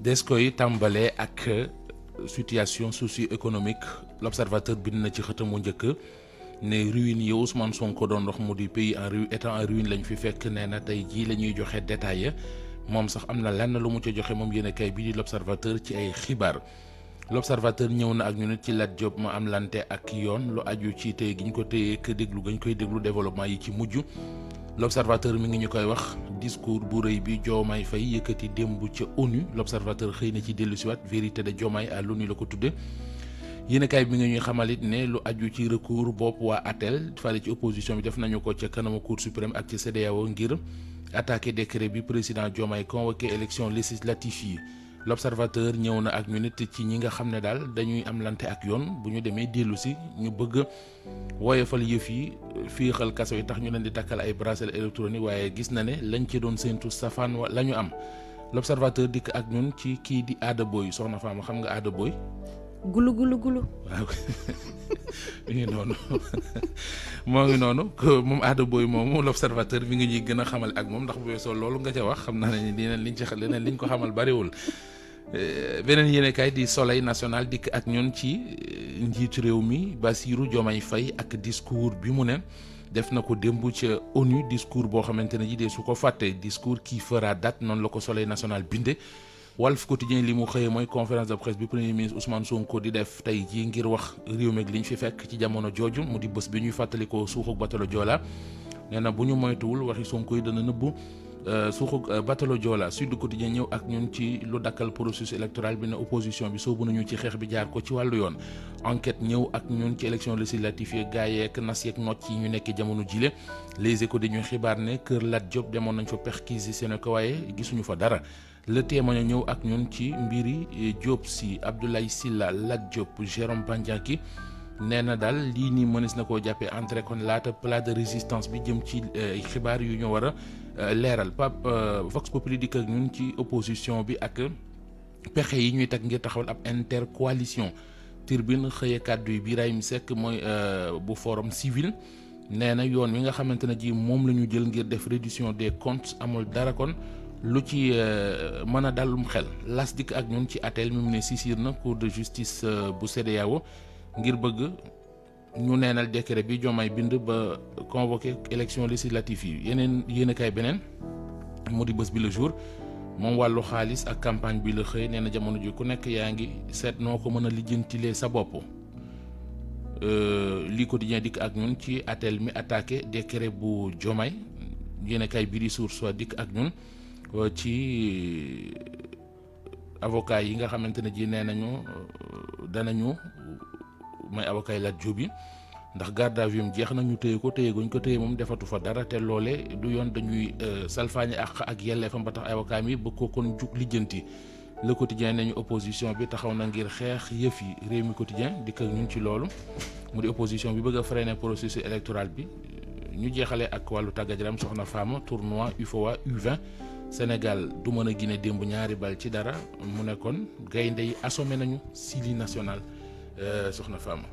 des koy tàmbalee ak euh, situation socio-économique l'observateur bind na ci xëtam mu njëkk ne ruine yi Ousmane Sonko doon ndox mu di pays en ruine état en ruine lañ fi fekk nee na tey jii la ñuy joxe détail moom sax am na lenn lu mu ca joxe moom yéen kay bi di l'observateur ci ay xibaar. l'observateur ñëw na ak ñu nit ci Lat Diop ma am lante ak yoon lu aju ci tey gi ñu ko téye ak déglu gañ koy déglu développement yi ci mujj. l'observateur mi ngi ñu koy wax discours bu rëy bi Diomaye fay yëkkati démb ca ONU l'observateur xëy na ci dellusiwaat vérité de Diomaye à l'ONU la ko tudde yéenekaay bi mi ngi ñuy xamalit ne lu aju ci recours bopp waa ATEL fale ci opposition bi def nañu ko ca kanamu Cour suprême ak ci CEDEAO ngir attaquer décret bi président Diomaye convoqué élection législative yi l'observateur ñëw na ak ñu nit ci ñi nga xam ne daal dañuy am lante ak yoon bu ñu demee dellu si ñu bëgg woyofal yëf yi fiixal kaso yi tax ñu leen di takkal ay bracelet électronique waaye gis na ne lañ ci doon séentu safaan la ñu am l'observateur dikk ak ñun ci kii di aada booy soxna Fama xam nga aada booy. gulu gulu gulu. waaw ngi noonu moo ngi noonu moom aada booy moomu l'observateur mi ngi ñuy gën a xamal ak moom ndax bu weesoo loolu nga ca wax xam naa ne dinañ liñ ci leneen liñ ko xamal bariwul. Euh, beneen yéenekaay di soleil national dikk ak ñun ci euh, njiitu réew mi Bassirou Diomaye fay ak discours bi mu ne def na ko démb ca ONU discours boo xamante ne ji dee su ko fàttee discours qui fera dat noonu la ko soleil national binde Walf Quotidien li mu xëyee mooy conférence de presse bi premier ministre Ousmane Sonko di def tey jii ngir wax réew mi li ñu fi fekk ci jamono jooju mu di bés bi ñuy fàttalikoo suuxu batalo Joola nee na bu ñu moytuwul waxi Sonko yi dana nëbbu. Euh, suuxu euh, batalo Joola Sud Quotidien ñëw ak ñun ci lu dakkal processus électoral bi ne opposition bi soobu nañu ci xeex bi jaar ko ci wàllu yoon enquête ñëw ak ñun ci élection législative yi gaa yeeg nas yeeg nocc yi ñu nekkee jamono jile les ko di ñu xibaar ne Kër Lat Diop demoon nañ fa perquisitionné ko waaye gisuñu fa dara le témoin ñëw ak ñun ci mbiri Diop si Abdoulaye Sylla Lat Diop Jérôme Bandiaki nee na daal lii nii mënees na koo jàppee entrée kon laata plat de résistance bi jëm ci euh, xibaar yu ñu war a euh, leeral Pape euh, Vox Populi dikk ak ñun ci opposition bi ak pexe yi ñuy teg ngir taxawal ab intercoalition Tribune xëye kàddu yi Birahim Seck mooy bu forum civil nee na yoon wi nga xamante ne ji moom la ñu jël ngir def réduction des comptes amul dara kon lu ci mën a dalum xel las dikk ak ñun ci attelle mi mu ne sisir na cour de justice bu CEDEAO ngir bëgg ñu neenal décret bi Diomaye bind ba convoqué élection législative yi yeneen yéen beneen mu di bës bi la jour moom wàllu xaalis ak campagne bi la xëy nee na jamono ji ku nekk yaa ngi seet noo ko mën a lijjantilee sa bopp euh, lii quotidien dikk ak ñun ci atel mi attaqué décret bu jomay yéen kay bi di source soit dikk ak ñun euh, ci avocat yi nga xamante ne ji nee nañu euh, danañu mooy avocat Lat Diop bi ndax garde à vue jeex na ñu téye ko téye guñ ko téye moom defatu fa dara te loole du yoon dañuy euh, salfaañi ak ak yelleefam ba tax avocat mi bëgg ko kon jug lijjanti le quotidien nañu opposition bi taxaw na ngir xeex yëf yi réew mi quotidien dikk ak ñun ci loolu mu di opposition bi bëgg a freiner processus électoral bi ñu jeexalee ak wàllu tàggat yaram soxna femme tournoi UFOA U20 Sénégal du mën a gine démb ñaari bal ci dara mu nekkoon kon gaynde yi assommé nañu Syli national Eh, soxna Fama.